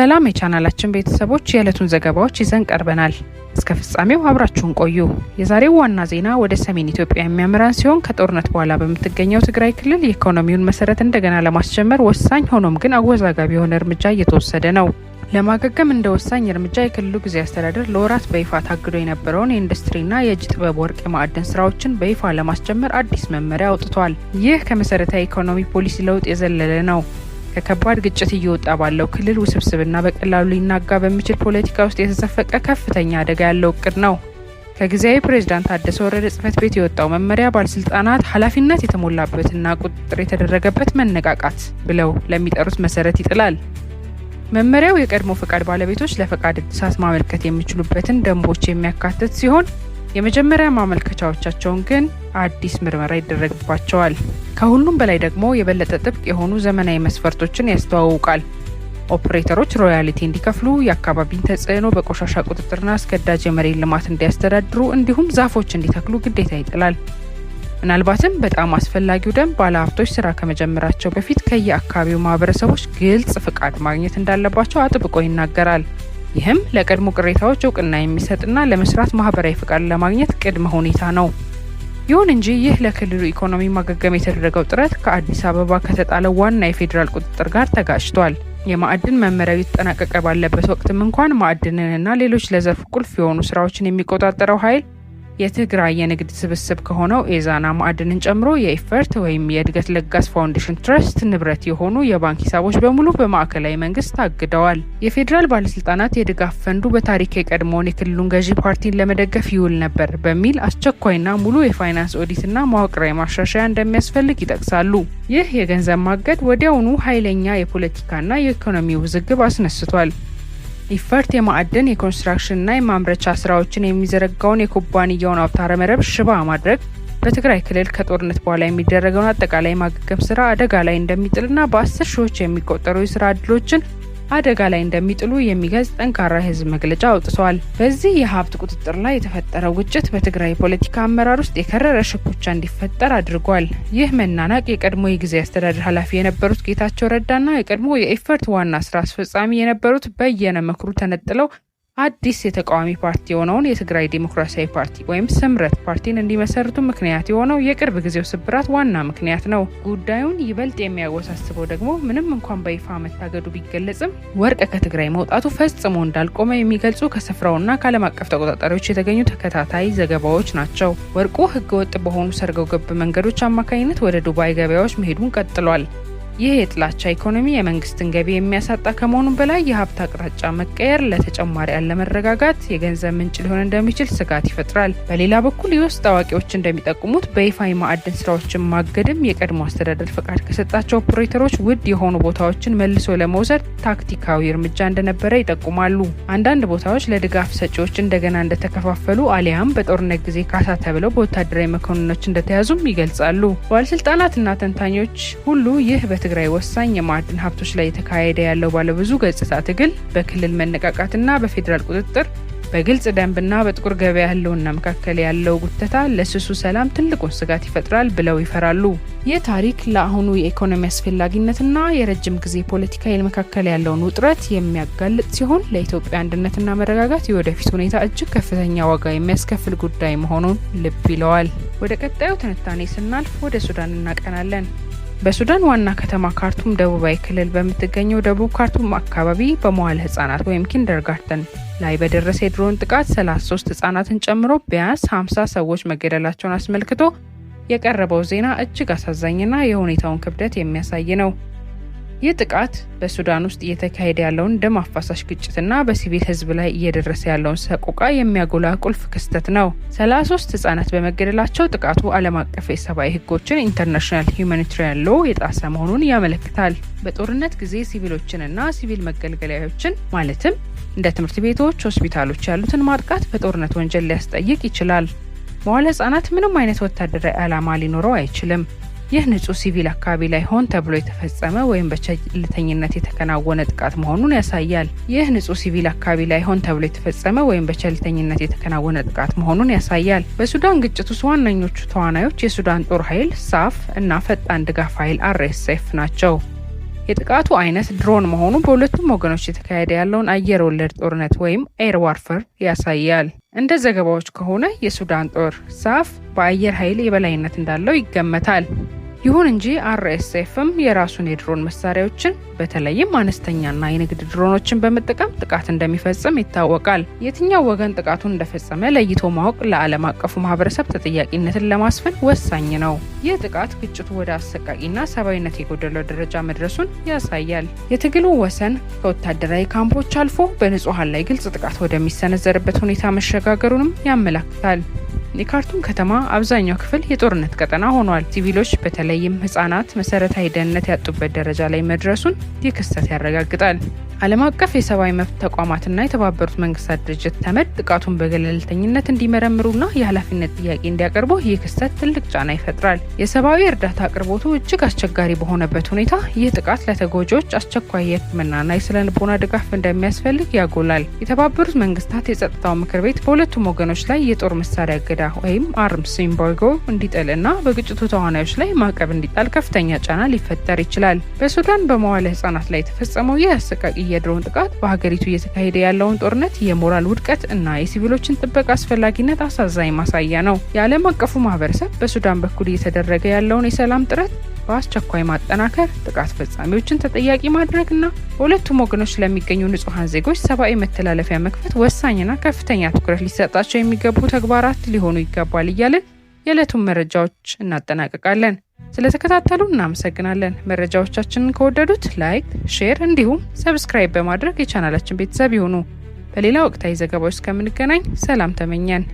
ሰላም የቻናላችን ቤተሰቦች የዕለቱን ዘገባዎች ይዘን ቀርበናል። እስከ ፍጻሜው አብራችሁን ቆዩ። የዛሬው ዋና ዜና ወደ ሰሜን ኢትዮጵያ የሚያምራን ሲሆን ከጦርነት በኋላ በምትገኘው ትግራይ ክልል የኢኮኖሚውን መሰረት እንደገና ለማስጀመር ወሳኝ ሆኖም ግን አወዛጋቢ የሆነ እርምጃ እየተወሰደ ነው። ለማገገም እንደ ወሳኝ እርምጃ የክልሉ ጊዜ አስተዳደር ለወራት በይፋ ታግዶ የነበረውን የኢንዱስትሪና የእጅ ጥበብ ወርቅ የማዕድን ስራዎችን በይፋ ለማስጀመር አዲስ መመሪያ አውጥቷል። ይህ ከመሰረታዊ ኢኮኖሚ ፖሊሲ ለውጥ የዘለለ ነው። ከከባድ ግጭት እየወጣ ባለው ክልል ውስብስብና በቀላሉ ሊናጋ በሚችል ፖለቲካ ውስጥ የተዘፈቀ ከፍተኛ አደጋ ያለው እቅድ ነው። ከጊዜያዊ ፕሬዝዳንት ታደሰ ወረደ ጽህፈት ቤት የወጣው መመሪያ ባለስልጣናት ኃላፊነት የተሞላበትና ቁጥጥር የተደረገበት መነቃቃት ብለው ለሚጠሩት መሰረት ይጥላል። መመሪያው የቀድሞ ፈቃድ ባለቤቶች ለፈቃድ እድሳት ማመልከት የሚችሉበትን ደንቦች የሚያካትት ሲሆን የመጀመሪያ ማመልከቻዎቻቸውን ግን አዲስ ምርመራ ይደረግባቸዋል። ከሁሉም በላይ ደግሞ የበለጠ ጥብቅ የሆኑ ዘመናዊ መስፈርቶችን ያስተዋውቃል። ኦፕሬተሮች ሮያሊቲ እንዲከፍሉ፣ የአካባቢን ተጽዕኖ በቆሻሻ ቁጥጥርና አስገዳጅ የመሬት ልማት እንዲያስተዳድሩ እንዲሁም ዛፎች እንዲተክሉ ግዴታ ይጥላል። ምናልባትም በጣም አስፈላጊው ደንብ ባለሀብቶች ስራ ከመጀመራቸው በፊት ከየአካባቢው ማህበረሰቦች ግልጽ ፍቃድ ማግኘት እንዳለባቸው አጥብቆ ይናገራል። ይህም ለቀድሞ ቅሬታዎች እውቅና የሚሰጥና ለመስራት ማህበራዊ ፍቃድ ለማግኘት ቅድመ ሁኔታ ነው። ይሁን እንጂ ይህ ለክልሉ ኢኮኖሚ ማገገም የተደረገው ጥረት ከአዲስ አበባ ከተጣለው ዋና የፌዴራል ቁጥጥር ጋር ተጋጭቷል። የማዕድን መመሪያው የተጠናቀቀ ባለበት ወቅትም እንኳን ማዕድንንና ሌሎች ለዘርፉ ቁልፍ የሆኑ ስራዎችን የሚቆጣጠረው ኃይል የትግራይ የንግድ ስብስብ ከሆነው ኤዛና ማዕድንን ጨምሮ የኢፈርት ወይም የእድገት ለጋስ ፋውንዴሽን ትረስት ንብረት የሆኑ የባንክ ሂሳቦች በሙሉ በማዕከላዊ መንግስት ታግደዋል። የፌዴራል ባለስልጣናት የድጋፍ ፈንዱ በታሪክ የቀድሞውን የክልሉን ገዢ ፓርቲን ለመደገፍ ይውል ነበር በሚል አስቸኳይና ሙሉ የፋይናንስ ኦዲትና መዋቅራዊ ማሻሻያ እንደሚያስፈልግ ይጠቅሳሉ። ይህ የገንዘብ ማገድ ወዲያውኑ ኃይለኛ የፖለቲካና የኢኮኖሚ ውዝግብ አስነስቷል። ኢፈርት የማዕድን የኮንስትራክሽንና የማምረቻ ስራዎችን የሚዘረጋውን የኩባንያውን አውታረ መረብ ሽባ ማድረግ በትግራይ ክልል ከጦርነት በኋላ የሚደረገውን አጠቃላይ ማገገም ስራ አደጋ ላይ እንደሚጥልና በአስር ሺዎች የሚቆጠሩ የስራ እድሎችን አደጋ ላይ እንደሚጥሉ የሚገልጽ ጠንካራ የህዝብ መግለጫ አውጥተዋል። በዚህ የሀብት ቁጥጥር ላይ የተፈጠረው ግጭት በትግራይ የፖለቲካ አመራር ውስጥ የከረረ ሽኩቻ እንዲፈጠር አድርጓል። ይህ መናናቅ የቀድሞ የጊዜ አስተዳደር ኃላፊ የነበሩት ጌታቸው ረዳና የቀድሞ የኤፈርት ዋና ስራ አስፈጻሚ የነበሩት በየነ መክሩ ተነጥለው አዲስ የተቃዋሚ ፓርቲ የሆነውን የትግራይ ዴሞክራሲያዊ ፓርቲ ወይም ስምረት ፓርቲን እንዲመሰርቱ ምክንያት የሆነው የቅርብ ጊዜው ስብራት ዋና ምክንያት ነው። ጉዳዩን ይበልጥ የሚያወሳስበው ደግሞ ምንም እንኳን በይፋ መታገዱ ቢገለጽም ወርቅ ከትግራይ መውጣቱ ፈጽሞ እንዳልቆመ የሚገልጹ ከስፍራውና ከዓለም አቀፍ ተቆጣጣሪዎች የተገኙ ተከታታይ ዘገባዎች ናቸው። ወርቁ ህገወጥ በሆኑ ሰርገው ገብ መንገዶች አማካኝነት ወደ ዱባይ ገበያዎች መሄዱን ቀጥሏል። ይህ የጥላቻ ኢኮኖሚ የመንግስትን ገቢ የሚያሳጣ ከመሆኑም በላይ የሀብት አቅጣጫ መቀየር ለተጨማሪ አለመረጋጋት የገንዘብ ምንጭ ሊሆን እንደሚችል ስጋት ይፈጥራል። በሌላ በኩል የውስጥ አዋቂዎች እንደሚጠቁሙት በይፋ የማዕድን ስራዎችን ማገድም የቀድሞ አስተዳደር ፈቃድ ከሰጣቸው ኦፕሬተሮች ውድ የሆኑ ቦታዎችን መልሶ ለመውሰድ ታክቲካዊ እርምጃ እንደነበረ ይጠቁማሉ። አንዳንድ ቦታዎች ለድጋፍ ሰጪዎች እንደገና እንደተከፋፈሉ አሊያም በጦርነት ጊዜ ካሳ ተብለው በወታደራዊ መኮንኖች እንደተያዙም ይገልጻሉ። ባለስልጣናትና ተንታኞች ሁሉ ይህ በ በትግራይ ወሳኝ የማዕድን ሀብቶች ላይ የተካሄደ ያለው ባለብዙ ገጽታ ትግል በክልል መነቃቃትና በፌዴራል ቁጥጥር በግልጽ ደንብና በጥቁር ገበያ ህልውና መካከል ያለው ጉተታ ለስሱ ሰላም ትልቁን ስጋት ይፈጥራል ብለው ይፈራሉ። ይህ ታሪክ ለአሁኑ የኢኮኖሚ አስፈላጊነትና የረጅም ጊዜ ፖለቲካ መካከል ያለውን ውጥረት የሚያጋልጥ ሲሆን ለኢትዮጵያ አንድነትና መረጋጋት የወደፊት ሁኔታ እጅግ ከፍተኛ ዋጋ የሚያስከፍል ጉዳይ መሆኑን ልብ ይለዋል። ወደ ቀጣዩ ትንታኔ ስናልፍ ወደ ሱዳን እናቀናለን። በሱዳን ዋና ከተማ ካርቱም ደቡባዊ ክልል በምትገኘው ደቡብ ካርቱም አካባቢ በመዋለ ህጻናት ወይም ኪንደርጋርተን ላይ በደረሰ የድሮን ጥቃት 33 ህጻናትን ጨምሮ ቢያንስ 50 ሰዎች መገደላቸውን አስመልክቶ የቀረበው ዜና እጅግ አሳዛኝና የሁኔታውን ክብደት የሚያሳይ ነው። ይህ ጥቃት በሱዳን ውስጥ እየተካሄደ ያለውን ደም አፋሳሽ ግጭትና በሲቪል ህዝብ ላይ እየደረሰ ያለውን ሰቆቃ የሚያጎላ ቁልፍ ክስተት ነው። 33 ህጻናት በመገደላቸው ጥቃቱ ዓለም አቀፍ የሰብአዊ ህጎችን ኢንተርናሽናል ሁማኒታሪያን ሎ የጣሰ መሆኑን ያመለክታል። በጦርነት ጊዜ ሲቪሎችንና ሲቪል መገልገያዎችን ማለትም እንደ ትምህርት ቤቶች፣ ሆስፒታሎች ያሉትን ማጥቃት በጦርነት ወንጀል ሊያስጠይቅ ይችላል። መዋለ ህጻናት ምንም አይነት ወታደራዊ ዓላማ ሊኖረው አይችልም። ይህ ንጹህ ሲቪል አካባቢ ላይ ሆን ተብሎ የተፈጸመ ወይም በቸልተኝነት የተከናወነ ጥቃት መሆኑን ያሳያል። ይህ ንጹህ ሲቪል አካባቢ ላይ ሆን ተብሎ የተፈጸመ ወይም በቸልተኝነት የተከናወነ ጥቃት መሆኑን ያሳያል። በሱዳን ግጭት ውስጥ ዋነኞቹ ተዋናዮች የሱዳን ጦር ኃይል ሳፍ እና ፈጣን ድጋፍ ኃይል አርኤስኤፍ ናቸው። የጥቃቱ አይነት ድሮን መሆኑ በሁለቱም ወገኖች የተካሄደ ያለውን አየር ወለድ ጦርነት ወይም ኤር ዋርፈር ያሳያል። እንደ ዘገባዎች ከሆነ የሱዳን ጦር ሳፍ በአየር ኃይል የበላይነት እንዳለው ይገመታል። ይሁን እንጂ አርኤስኤፍም የራሱን የድሮን መሳሪያዎችን በተለይም አነስተኛና የንግድ ድሮኖችን በመጠቀም ጥቃት እንደሚፈጽም ይታወቃል። የትኛው ወገን ጥቃቱን እንደፈጸመ ለይቶ ማወቅ ለዓለም አቀፉ ማህበረሰብ ተጠያቂነትን ለማስፈን ወሳኝ ነው። ይህ ጥቃት ግጭቱ ወደ አሰቃቂና ሰብአዊነት የጎደለው ደረጃ መድረሱን ያሳያል። የትግሉ ወሰን ከወታደራዊ ካምፖች አልፎ በንጹሐን ላይ ግልጽ ጥቃት ወደሚሰነዘርበት ሁኔታ መሸጋገሩንም ያመላክታል። የካርቱም ከተማ አብዛኛው ክፍል የጦርነት ቀጠና ሆኗል። ሲቪሎች በተለይም ህጻናት መሰረታዊ ደህንነት ያጡበት ደረጃ ላይ መድረሱን ይህ ክስተት ያረጋግጣል። ዓለም አቀፍ የሰብአዊ መብት ተቋማትና የተባበሩት መንግስታት ድርጅት ተመድ ጥቃቱን በገለልተኝነት እንዲመረምሩና የኃላፊነት ጥያቄ እንዲያቀርቡ ይህ ክስተት ትልቅ ጫና ይፈጥራል። የሰብአዊ እርዳታ አቅርቦቱ እጅግ አስቸጋሪ በሆነበት ሁኔታ ይህ ጥቃት ለተጎጂዎች አስቸኳይ የሕክምናና የስነ ልቦና ድጋፍ እንደሚያስፈልግ ያጎላል። የተባበሩት መንግስታት የጸጥታው ምክር ቤት በሁለቱም ወገኖች ላይ የጦር መሳሪያ እገዳ ወይም አርምስ ኤምባርጎ እንዲጥልና በግጭቱ ተዋናዮች ላይ ማዕቀብ እንዲጣል ከፍተኛ ጫና ሊፈጠር ይችላል። በሱዳን በመዋለ ህጻናት ላይ የተፈጸመው ይህ አሰቃቂ የድሮን ጥቃት በሀገሪቱ እየተካሄደ ያለውን ጦርነት፣ የሞራል ውድቀት እና የሲቪሎችን ጥበቃ አስፈላጊነት አሳዛኝ ማሳያ ነው። የዓለም አቀፉ ማህበረሰብ በሱዳን በኩል እየተደረገ ያለውን የሰላም ጥረት በአስቸኳይ ማጠናከር፣ ጥቃት ፈጻሚዎችን ተጠያቂ ማድረግ እና በሁለቱም ወገኖች ለሚገኙ ንጹሐን ዜጎች ሰብአዊ መተላለፊያ መክፈት ወሳኝና ከፍተኛ ትኩረት ሊሰጣቸው የሚገቡ ተግባራት ሊሆኑ ይገባል እያለን የዕለቱን መረጃዎች እናጠናቀቃለን። ስለተከታተሉ እናመሰግናለን። መረጃዎቻችንን ከወደዱት ላይክ፣ ሼር እንዲሁም ሰብስክራይብ በማድረግ የቻናላችን ቤተሰብ ይሁኑ። በሌላ ወቅታዊ ዘገባዎች እስከምንገናኝ ሰላም ተመኘን።